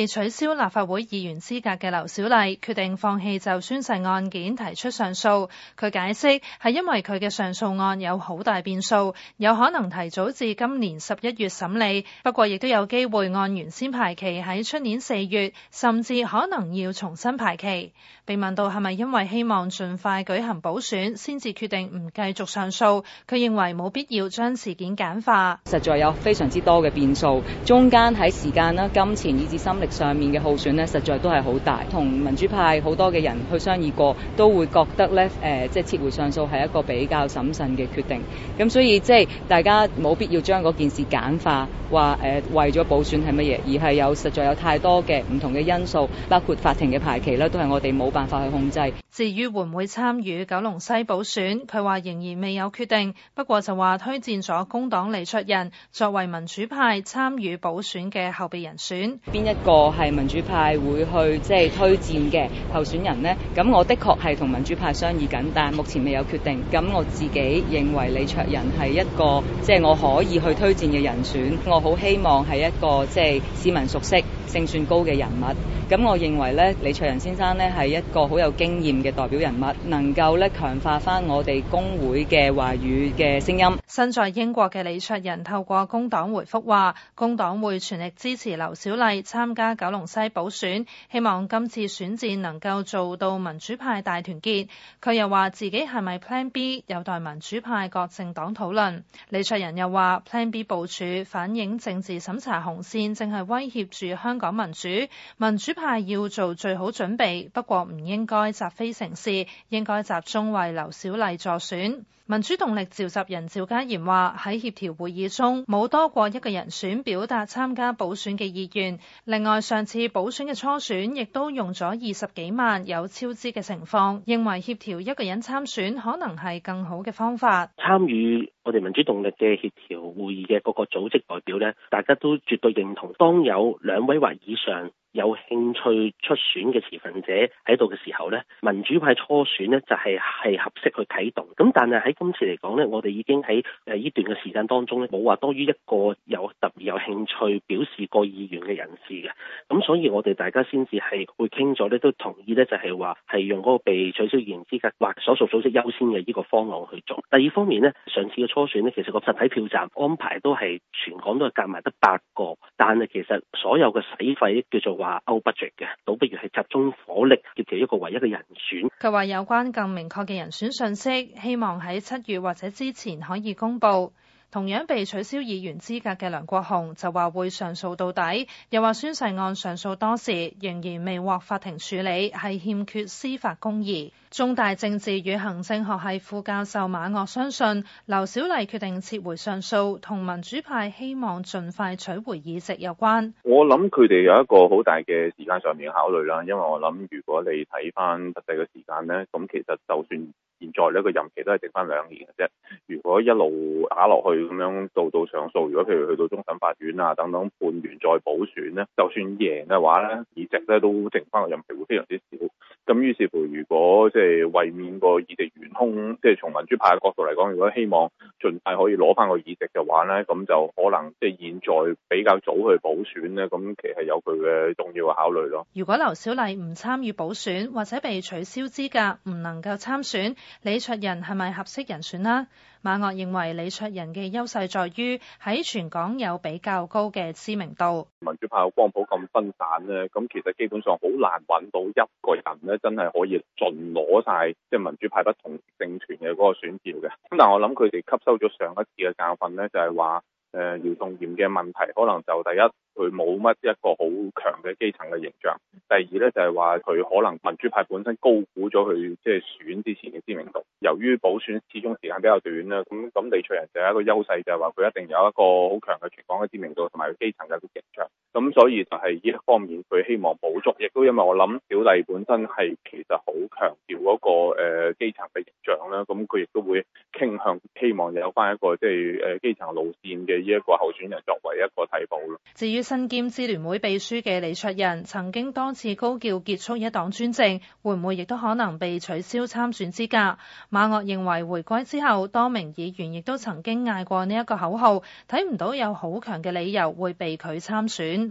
被取消立法會議員資格嘅劉小麗決定放棄就宣誓案件提出上訴。佢解釋係因為佢嘅上訴案有好大變數，有可能提早至今年十一月審理，不過亦都有機會按原先排期喺出年四月，甚至可能要重新排期。被問到係咪因為希望盡快舉行補選，先至決定唔繼續上訴，佢認為冇必要將事件簡化。實在有非常之多嘅變數，中間喺時間啦、金錢以至心力。上面嘅耗損呢，實在都係好大。同民主派好多嘅人去商議過，都會覺得呢，誒、呃，即係撤回上訴係一個比較審慎嘅決定。咁所以即係大家冇必要將嗰件事簡化，話，誒、呃、為咗補選係乜嘢，而係有實在有太多嘅唔同嘅因素，包括法庭嘅排期啦，都係我哋冇辦法去控制。至於會唔會參與九龍西補選，佢話仍然未有決定，不過就話推薦咗工黨李卓人作為民主派參與補選嘅後備人選。邊一個係民主派會去即係推薦嘅候選人呢？咁我的確係同民主派商議緊，但目前未有決定。咁我自己認為李卓人係一個即係、就是、我可以去推薦嘅人選。我好希望係一個即係、就是、市民熟悉、勝算高嘅人物。咁我認為咧，李卓人先生呢係一個好有經驗嘅代表人物能夠咧，強化翻我哋工會嘅話語嘅聲音。身在英國嘅李卓人透過工黨回覆話，工黨會全力支持劉小麗參加九龍西補選，希望今次選戰能夠做到民主派大團結。佢又話自己係咪 Plan B 有待民主派各政黨討論。李卓人又話 Plan B 部署反映政治審查紅線正係威脅住香港民主。民主派要做最好準備，不過唔應該集非。城市應該集中為劉小麗助選。民主動力召集人趙家賢話喺協調會議中，冇多過一個人選表達參加補選嘅意願。另外，上次補選嘅初選亦都用咗二十幾萬，有超支嘅情況，認為協調一個人參選可能係更好嘅方法。參與我哋民主動力嘅協調會議嘅各個組織代表咧，大家都絕對認同，當有兩位或以上。有興趣出選嘅持份者喺度嘅時候呢，民主派初選呢就係係合適去啟動。咁但係喺今次嚟講呢，我哋已經喺呢段嘅時間當中呢，冇話多於一個有特別有興趣表示過意願嘅人士嘅。咁所以我哋大家先至係會傾咗呢，都同意呢，就係話係用嗰個被取消議員資格或所屬組織優先嘅呢個方案去做。第二方面呢，上次嘅初選呢，其實個實體票站安排都係全港都係夾埋得八個，但係其實所有嘅使費叫做。話勾不絕嘅，倒不如係集中火力，結成一個唯一嘅人選。佢話有關更明確嘅人選信息，希望喺七月或者之前可以公布。同樣被取消議員資格嘅梁國雄就話會上訴到底，又話宣誓案上訴多時，仍然未獲法庭處理，係欠缺司法公義。中大政治與行政學系副教授馬岳相信，劉小麗決定撤回上訴，同民主派希望盡快取回議席有關。我諗佢哋有一個好大嘅時間上面考慮啦，因為我諗如果你睇翻實際嘅時間呢，咁其實就算。現在呢個任期都係剩翻兩年嘅啫。如果一路打落去咁樣，到到上訴，如果譬如去到終審法院啊等等判完再補選咧，就算贏嘅話咧，餘值咧都剩翻個任期會非常之少。咁於是乎，如果即係為免個議席懸空，即、就、係、是、從民主派嘅角度嚟講，如果希望盡快可以攞翻個議席嘅話咧，咁就可能即係現在比較早去補選咧，咁其實有佢嘅重要考慮咯。如果劉小麗唔參與補選，或者被取消資格，唔能夠參選，李卓人係咪合適人選啦？馬岳認為李卓人嘅優勢在於喺全港有比較高嘅知名度。民主派嘅光譜咁分散咧，咁其實基本上好難揾到一個人咧，真係可以盡攞晒即係民主派不同政團嘅嗰個選票嘅。咁但係我諗佢哋吸收咗上一次嘅教訓咧，就係話誒姚松炎嘅問題可能就第一，佢冇乜一個好強嘅基層嘅形象，第二咧就係話佢可能民主派本身高估咗佢即係選之前嘅知名度。由於補選始終時間比較短啦，咁咁李卓人就係一個優勢，就係話佢一定有一個好強嘅全港嘅知名度，同埋基層有啲形象，咁所以就係呢一方面，佢希望補足。亦都因為我諗小麗本身係其實好強調嗰個誒、呃、基層嘅形象啦，咁佢亦都會傾向希望有翻一個即係誒基層路線嘅呢一個候選人作為一個替補咯。至於身兼支聯會秘書嘅李卓人，曾經多次高叫結束一黨專政，會唔會亦都可能被取消參選資格？馬嶽認為回歸之後，多名議員亦都曾經嗌過呢一個口號，睇唔到有好強嘅理由會被佢參選。